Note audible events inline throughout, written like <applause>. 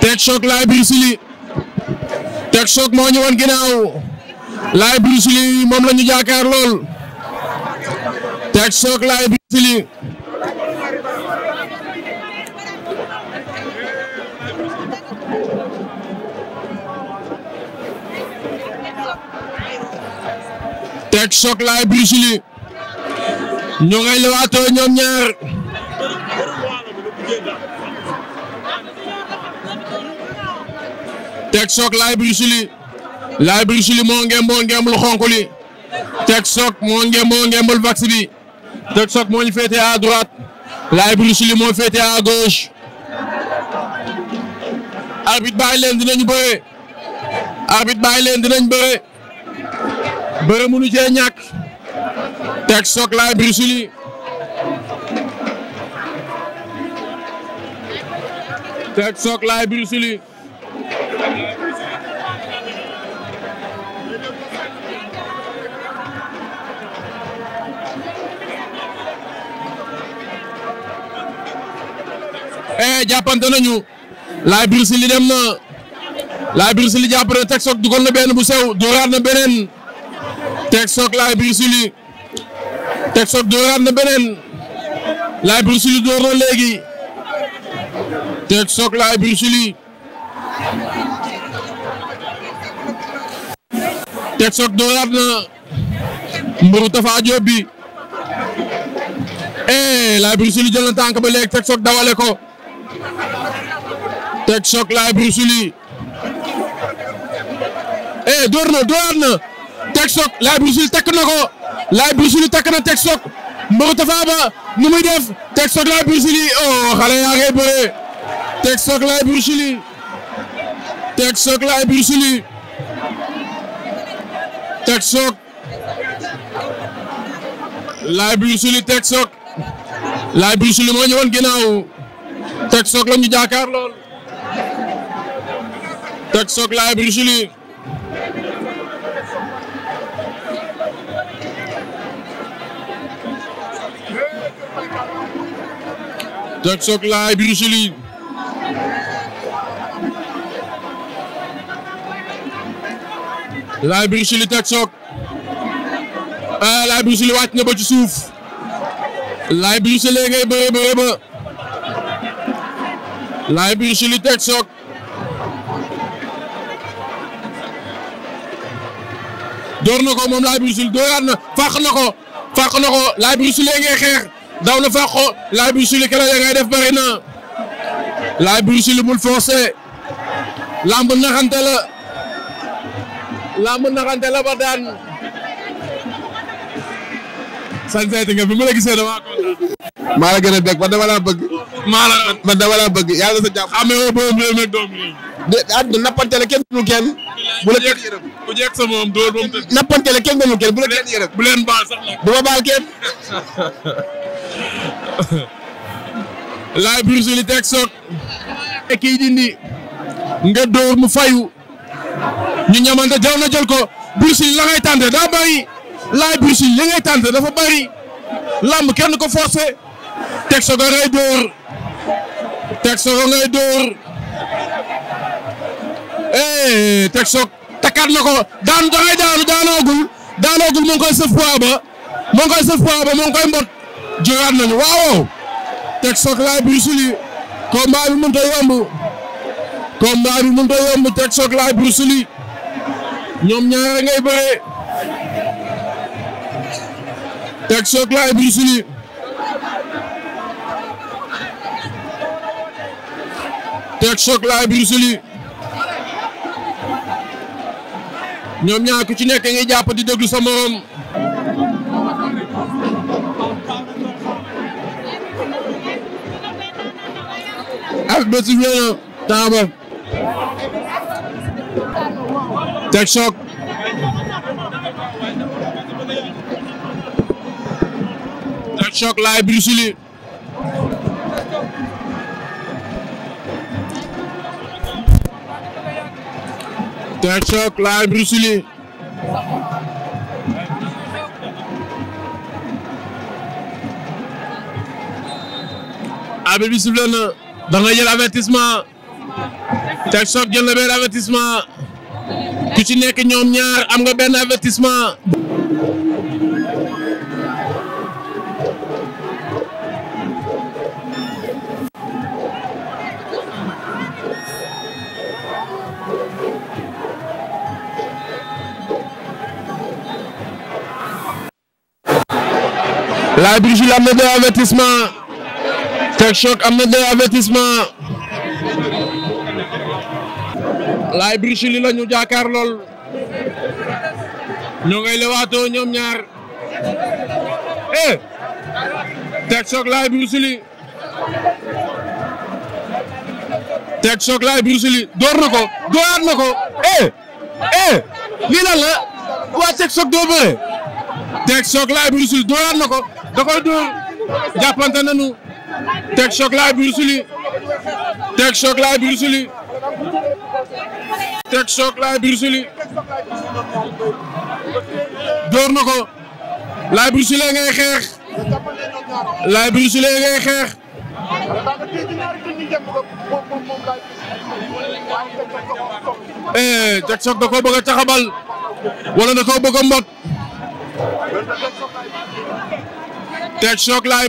Tek Choc Laye Bruce Lee Tek moo woon ginnaaw Laye Bruce Lee moom la ñu jaakaar lool Tek Choc ñu ngay lewaatoo ñoom ñaar Tek Choc Laye Bruce Lee Laye Bruce Lee moo ngemboo ngembul xonk li Tek Choc moo ngemboo ngembul vax bi Tek Choc moo ñu féete à droite Laye Bruce Lee moo féete à gauche arbitre bàyyi leen dinañ bëre arbitre bàyyi leen dinañ bëre bëre mënu cee ñàkk teg soklay brisili teg soklay brisili ee eh, jàppante nañu laay brisili dem na laay brisili jàpp na teg sok dugal na benn bu sew dooraat na beneen teg sok laay Textor dooraat na beneen Laye Bruce na léegi Textor Laye Bruce Lee Textor dooraat na mburu Tafa Diop bi eh Laye Bruce Lee jël na tànk ba léegi Textor dawale ko Textor Laye Bruce Lee eh door na dooraat na Textor Laye ko. Laye Bruce takk na Tek Choc mbëru Tapha Ba nu muy def Tek Choc Laye Bruce oh xale yaa ngay bëree Tek Choc Laye Bruce Tek Choc Laye Bruce Tek Choc Laye Bruce Tek Choc Laye Bruce moo ñëwoon ginnaaw Tek Choc la ñu jaakaar lool Tek Jack Sock laay Bruce Lee laay Bruce Lee Jack Sock ah, ba ci suuf laay Bruce Lee ngay bëree bëree ba laay door na ko moom laay Bruce Lee dooraat na fàq na ko fàq na ko laay Bruce ngay xeex daw na fàqo laay Bruce kala ya ngay def bari na laay bul forcé lamb naxante la lamb naxante la ba daan sañ bi ma la gisee dama kontaan maa la gën a bëgg man dama laa bëgg maa la man dama bëgg yàlla sa jàpp amee woo boobu réew meeg doom bu la kenn yërëm bu jeeg sa moom dóor ba mu kenn bu la kenn yërëm bu leen baal sax la baal kenn <laughs> <coughs> laay Bruce Lee teg soog e kii nga dóor mu fayu ñu ñamante jaw na jël ko Bruce Lee la ngay tànte daa bari laay Bruce Lee la ngay tànte dafa bari lamb kenn ko forcé teg soog a ngay dóor teg soog a ngay dóor eh teg soog na ko daan da ngay daanu daanoogul daanoogul mu ngi koy sëf poids ba mu sëf poids ba mu mbot jógaat nañu waaw teg soxlaa Bruce Lee combat bi mënut a yomb combat bi mënut a yomb teg soxlaa Bruce ñoom ñaare ngay bëree teg soxlaa Bruce Lee teg soxlaa Bruce Lee ñoom ñaar ku ci nekk ngay jàpp di déglu sa morom. arbitre bi sifflé na temps ba Tek Choc Tek Choc laay Bruce Lee da nga jël avertissement Tek Choc jël na benn avertissement ku ci nekk ñoom ñaar am nga benn avertissement. La Brigil am na benn avertissement. Tek Choc am na deux avertissement Laye Brucheli la ñu jaakaar lool ñoo ngay lewaatoo ñoom ñaar eh Tek Choc Laye Brucheli Tek Choc Laye Brucheli door na ko dooraat na ko eh, eh la waa Tek Choc doo bëre Tek Choc Laye Brucheli dooraat na ko door jàppante nañu teg choc laay Bruce Lee teg choc laay Bruce Lee teg choc laay Bruce Lee door na ko laay Bruce Lee xeex laay Bruce Lee xeex eh teg choc da koo bëgg a taxabal wala da koo bëgg a mbot teg choc laay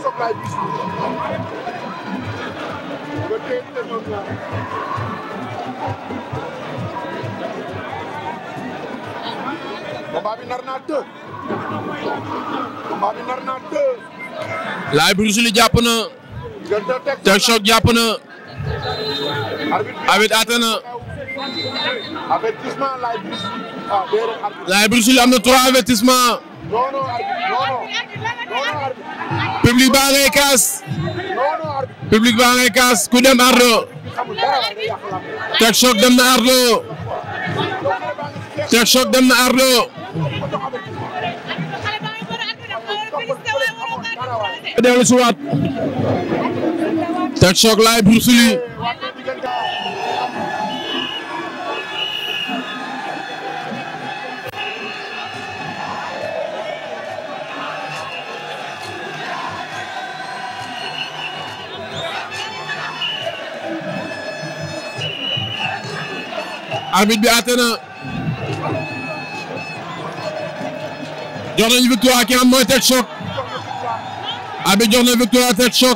supply this route. jàpp na. Tek Shock jàpp na. Arbitre na. Avertissement ah, Laye am na trois avertissement. public baa ngay kaas public baa ngay kaas ku dem Ardo Tek Choc dem na Ardo Tek dem na Ardo dellu si waat Tek Choc laay bursuli arbitre bi àtte na jox nañu victoire ki am mooy Tek Choc arbitre jox na victoire Tek Choc